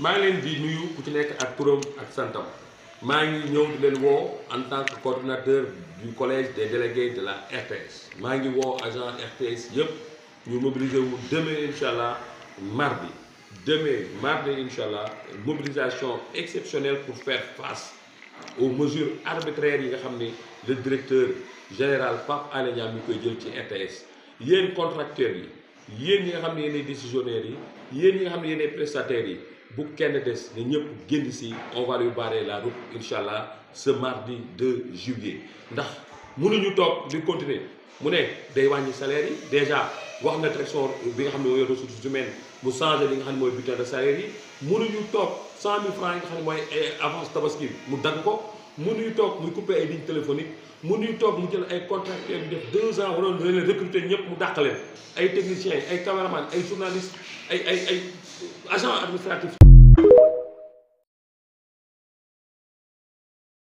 Je vous di nuyu ku ci nekk ak santam je vous di en tant que coordinateur du collège des délégués de la RTS maa ngi agent RTS yëpp ñu mobiliser demain inshallah, mardi demain mardi inshallah, mobilisation exceptionnelle pour faire face aux mesures arbitraires que le directeur général Pape Alé Niang mi koy jël ci RTS un contracteurs yi. yéen ñi nga xam ne yéenay décisionnaires yi yéen ñi nga xam ne yéenay prestataires yi bu kenn des ne ñëpp génn si on va lui barrer la route incha allah ce mardi 2 juillet ndax mënuñu toog di continuer mu ne day wàññi salaire yi déjà wax na direction bi nga xam ne mooy ressources humaines mu changé li nga xam ne mooy bulletin de salaire yi ñu toog 100000 francs yi nga xam ne mooy avance tabaski mu dagg ko. mënuñu toog muy coupé ay ligne téléphonique mënuñu toog mu jël ay contracteur bi def deux ans waroon leen recruter ñëpp mu dàq ay techniciens ay caméraman ay journaliste ay ay ay agent administratif